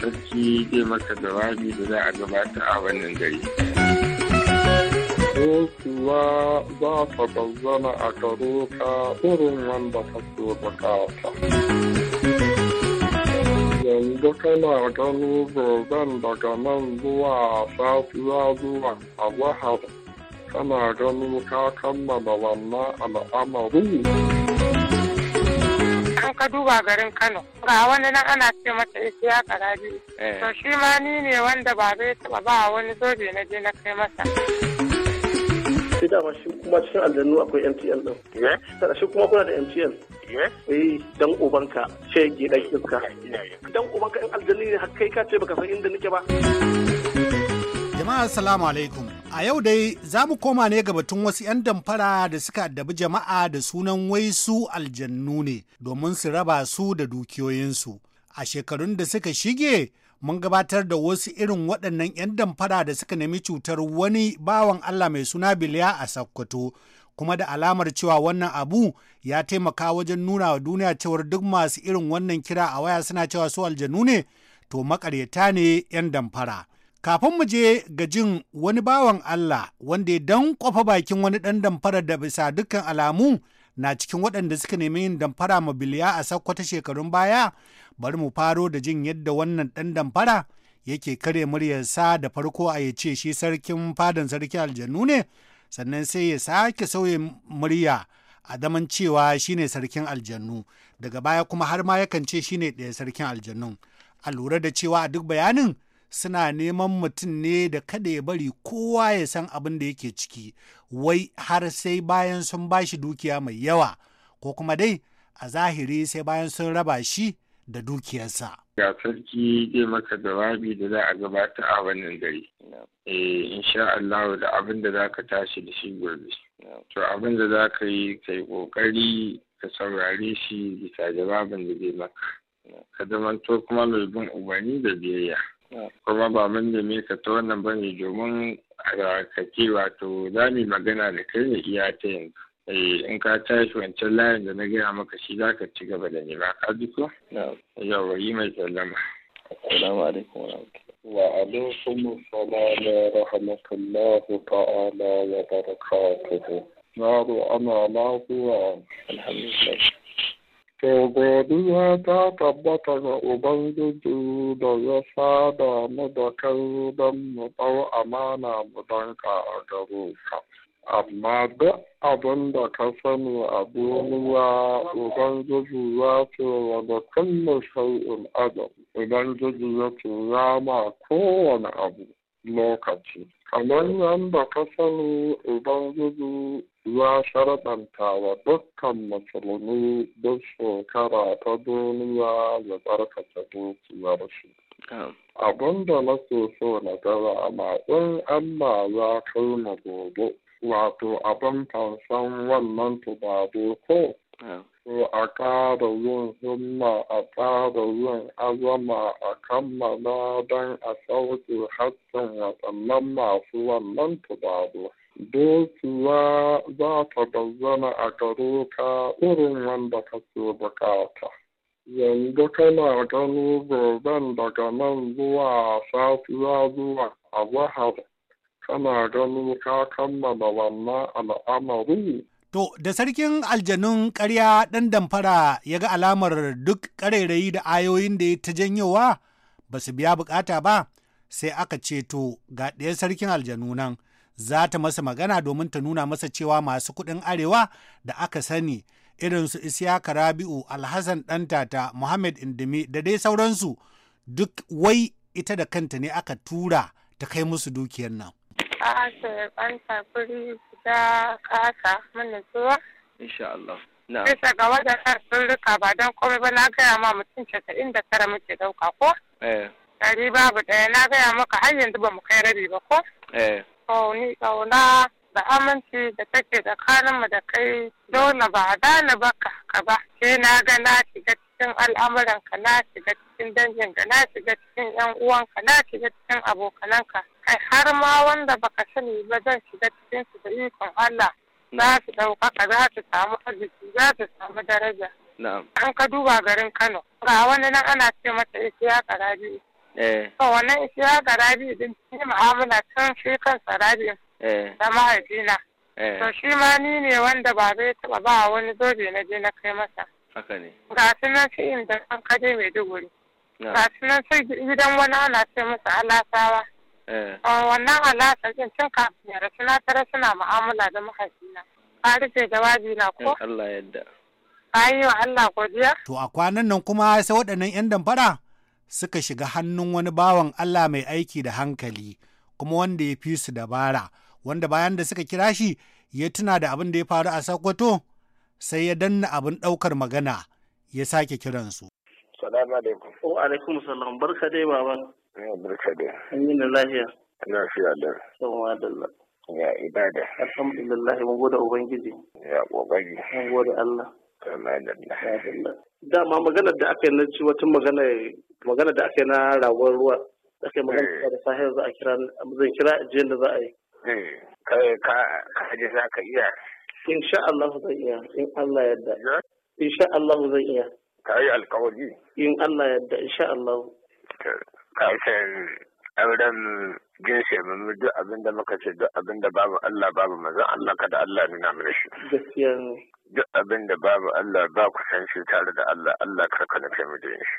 sarki zai maka jawabi da za a gabata a wannan gari. kuwa za ta bazzana a karo ka irin wanda ta so bukata. Yanzu kana gano goben daga nan zuwa safiya zuwa a wahar kana gano ka kammala wannan al'amarin. in ka duba garin Kano ga wani nan ana ce ya isiya karabi eh. to shi ma ni ne wanda ba zai taba ba wani zobe na je na kai masa sai dama shi kuma cikin aljannu akwai MTN ɗin. sana shi kuma kuna da MTN eh dan ubanka shege dan iska dan ubanka in aljannu ne har kai ka ce baka san inda nake ba Jama'a salamu alaikum. A yau dai za mu koma ne ga batun wasu 'yan damfara da suka addabi jama'a da sunan waisu aljannu ne domin su raba su da dukiyoyinsu. A shekarun da suka shige mun gabatar da wasu irin waɗannan 'yan damfara da suka nemi cutar wani bawan Allah mai suna Biliya a Sakkwato. kuma da alamar cewa wannan abu ya taimaka wajen nuna wa duniya cewar duk masu irin wannan kira a waya suna cewa su aljanu ne to makaryata ne 'yan damfara. Kafin mu je ga jin wani bawan Allah wanda ya kwafa bakin wani ɗan damfara da bisa dukkan alamu na cikin waɗanda suka nemi yin damfara biliya a sakkwata shekarun baya, bari mu faro da jin yadda wannan ɗan damfara yake kare muryarsa da farko a ya ce shi sarkin fadan sarki aljannu ne, sannan sai ya sake sauya murya a daman cewa shine sarkin aljannu daga baya kuma har ma yakan ce shine ɗaya sarkin aljannun. A lura da cewa a duk bayanin suna neman mutum ne da kada ya bari kowa ya san abin da yake ciki wai har sai bayan sun ba shi dukiya mai yawa ko kuma dai a zahiri sai bayan sun raba shi da dukiyarsa. Ga sarki zai maka jawabi da za a gabata a wannan gari. Eh insha Allah da abin da za ka tashi da shi gobe. To abin da za ka yi ka yi ƙoƙari ka saurare shi bisa jawabin da zai maka. Ka zamanto kuma mai bin ubani da biyayya. kuma ba mun neme ka ta wannan bane domin a ce wato za mu magana da kai ne iya ta yanzu eh, in ka tashi wancan layin da na gaya maka shi za ka ci gaba da nema ka ji ko yawa yi mai sallama assalamu alaikum wa alaikum assalam wa rahmatullahi ta'ala wa barakatuhu na ana lafiya alhamdulillah Togwadiya ta tabbata ga Ubangiji da ya sada mu da kai don mu ɗau amana mu danka a gare ka. Amma duk abin da ka sani a duniya Ubangiji ya ce wa da kullu shay'in adam. Ubangiji ya ce ya ma kowane lokaci. kamar nan da ka sani ubangiji ya sharaɗanta wa dukkan musulmi duk shekara ta duniya ya tsarkake dukiyar shi abin da nake so na gaba ma in allah ya kai mu gobe wato abin san wannan tubabu ko Ko a ƙara yin himma a ƙara yin azama a kammala don a sauke hassan waɗannan masu wannan tubabu. Dokiya za ta bazzana a gare ka irin wanda kake bukata. Yanzu kana gano goben daga nan zuwa safiya zuwa a zahar, kana gano ka kammala wannan al'amari. To, da sarkin aljanun karya ɗan damfara ya ga alamar duk ƙarairayi da ayoyin da ya ta janyowa ba su biya bukata ba, sai aka ce to ga ɗaya sarkin aljanu nan za ta masa magana domin ta nuna masa cewa masu kuɗin arewa da aka sani irin su Isiyaka Rabi'u, Alhassan Ɗantata, Muhammad Indimi da dai sauransu duk wai ita da kanta ne aka tura ta kai musu dukiyar nan. ta kasa mun zuwa. Insha Allah. Na'am. Bisa ga sun rika ba don komai ba na gaya ma mutum casa'in da tara muke dauka ko? Eh. Ɗari babu ɗaya na gaya maka har yanzu ba mu kai rabi ba ko? Eh. To ni ƙauna da aminci da take tsakaninmu da kai dole ba a dana baka ka ba sai na ga na shiga cikin al'amuranka na shiga cikin danginka na shiga cikin yan uwanka na shiga cikin abokananka kai har ma wanda baka sani ba zan shiga cikin su da ikon Allah za su ɗaukaka za su samu arziki za su samu daraja. An ka duba garin Kano ga wani nan ana ce mata isiya karabi. Eh. To wannan isiya karabi din shi mu'amala can shi kansa rabi eh. da mahaifina. Eh. To shi ma ni ne wanda ba zai taɓa ba wani zobe na je na kai masa. haka ne ga su nan yin da an kaje mai ga su nan sai gidan wani ana sai musu alasawa eh. wannan alasa din cin kafin yara suna tara suna mu'amala da mahaifina ka jawabi na ko Allah yadda wa Allah godiya to a kwanan nan kuma sai waɗannan yan damfara suka shiga hannun wani bawan Allah mai aiki da hankali kuma wanda ya fi su dabara wanda bayan da suka kira shi ya tuna da abin da ya faru a Sokoto sai ya danna abin ɗaukar magana ya sake kiransu. Salamu alaikum. Wa alaikum salam. Barka dai baban. Ya barka dai. An yi lafiya. Lafiya da. Yawwa dalla. Ya ibada. Alhamdulillah mun gode Ubangiji. Ya kokari. Mun gode Allah. Dama maganar da aka yi na ci wata magana magana da aka yi na ragon ruwa. Aka yi magana eh. da sahiyar za a kira zan kira ajiyar da za a yi. Eh, kai ka ka za ka iya insha Allah zai iya in Allah yadda insha Allah zai iya ka yi alkawari in Allah yadda insha Allah ka san auren jinsi mu duk abinda muka ce duk abinda babu Allah babu manzon Allah kada Allah nuna mana shi gaskiya ne duk abinda babu Allah ba ku san shi tare da Allah Allah kar ka nufe mu da shi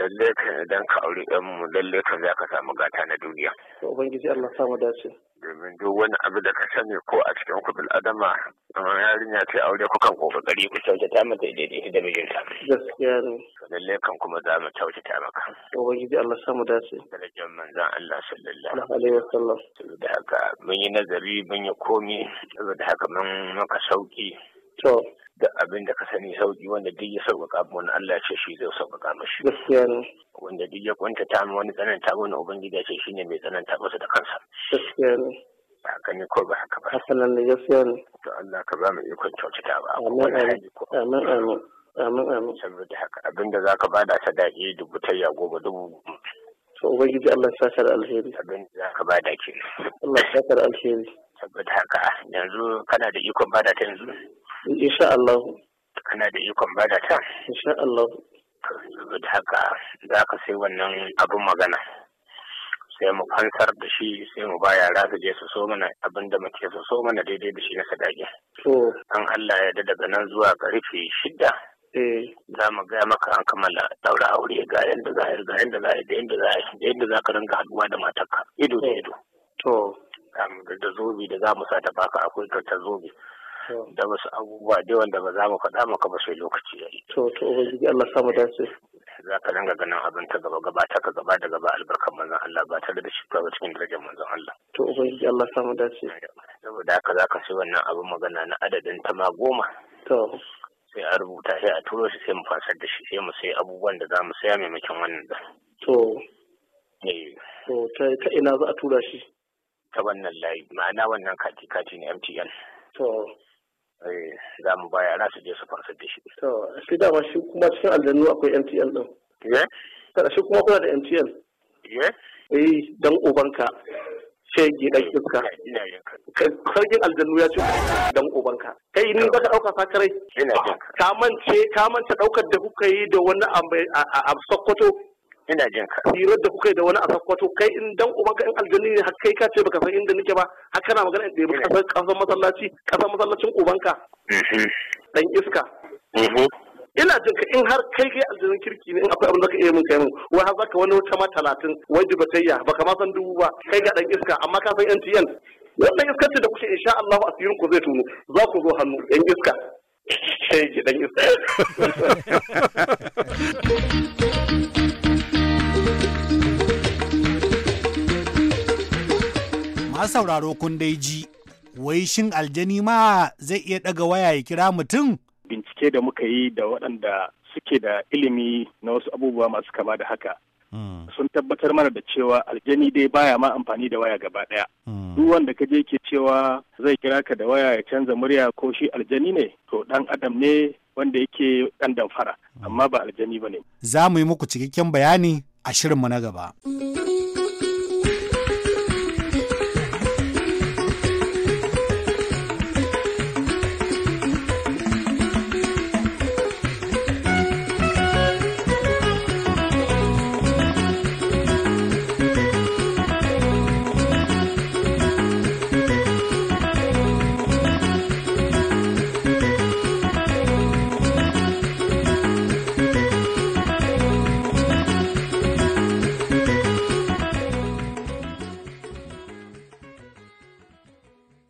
lalle kan idan ka auri ɗan mu lalle kan za ka samu gata na duniya ubangiji Allah samu dace domin duk wani abu da ka sani ko a cikin ku adama amma yarinya ce aure ku kukan kokari ku ta mata idan da mijinta gaskiya ne lalle kan kuma za mu ta maka ubangiji Allah samu dace darajar manzon Allah sallallahu alaihi sallam saboda haka mun yi nazari mun yi komi saboda haka mun maka sauki to da abin da ka sani sauki wanda duk ya sauƙaƙa mu wani Allah ce shi zai sauƙaƙa mashi gaskiya ne wanda duk ya ta mu wani tsananta wani ubangiji ya ce shine mai tsananta masa da kansa gaskiya ne ba ka ne ko ba haka ba hasanan da gaskiya ne to Allah ka ba mu ikon kyautata ba amin amin amin amin amin saboda haka abin da zaka bada sadaki dubu tayya goma dubu to ubangiji Allah ya sa alheri abin da ba bada ke Allah ya sa alheri saboda haka yanzu kana da ikon bada ta yanzu insha Allah kana da ikon bada ta insha Allah da haka za ka sai wannan abin magana sai mu fansar da shi sai mu ba yara su je su so mana abin da muke su so mana daidai da shi na sadaki to an Allah ya da daga nan zuwa karfe shida eh. za mu gaya maka an kammala daura aure ga yadda za a yi ga yadda za a yi da yadda za a yi da yadda za ka ringa haduwa da matarka ido da eh. ido to da zobe da za mu sa ta baka akwai ta zobe da wasu abubuwa dai wanda ba za mu faɗa maka ba sai lokaci ya yi. To to ubangiji Allah sa mu dace. Za ka dinga ganin abin ta gaba gaba ta ka gaba da gaba albarkar manzon Allah ba tare da shi ba cikin darajar manzon Allah. To ubangiji Allah sa mu dace. Saboda haka za ka sai wannan abin magana na adadin ta ma goma. To. sai a rubuta sai a turo shi sai mu fasar da shi sai mu sai abubuwan da za mu saya maimakon wannan da. To. Eh. To ta ina za a tura shi? Ta wannan layi ma'ana wannan kati kati ne MTN. To. Eh, za mu ba yara su je su fansar da shi. To, shi dama shi kuma cikin aljannu akwai MTN ɗin. Ye? Eh? Kada shi kuma kuna da MTN. Ye? Eh? eh, dan ubanka. Shege dan iska. Sarkin aljannu ya ce dan ubanka. Kai ni ka ɗauka fakarai. Ina jinka. Ka mance, ka mance ɗaukar da kuka yi da wani a Sokoto. ina jin ka hirar da kuka yi da wani a sakkwato kai in dan uban ka in aljanni ne har kai ka ce baka san inda nake ba har kana magana in ɗebi kasar kasar masallaci kasar masallacin uban ka. Mm-hmm. dan iska mm-hmm. ina jin ka in har kai kai aljanin kirki ne in akwai abin da ka iya min kai min wai har zaka wani wata ma talatin wai dubatayya baka ma san dubu ba kai ga dan iska amma ka san NTN wannan iskar da kuke insha Allah asirin ku zai tunu za ku zo hannu yan iska sai gidan iska A sauraro kun dai ji wai shin aljani ma zai iya ɗaga waya ya kira mutum bincike da muka yi da waɗanda suke da ilimi na wasu abubuwa masu kama da haka hmm. sun tabbatar mana da cewa aljani dai baya ma amfani da waya gaba ɗaya hmm. duk wanda ka je ke cewa zai kira ka da waya ya canza murya ko shi aljani ne to dan adam ne wanda yake ɗan damfara hmm. amma ba aljani ba ne za mu yi muku cikakken bayani a shirin mu na gaba.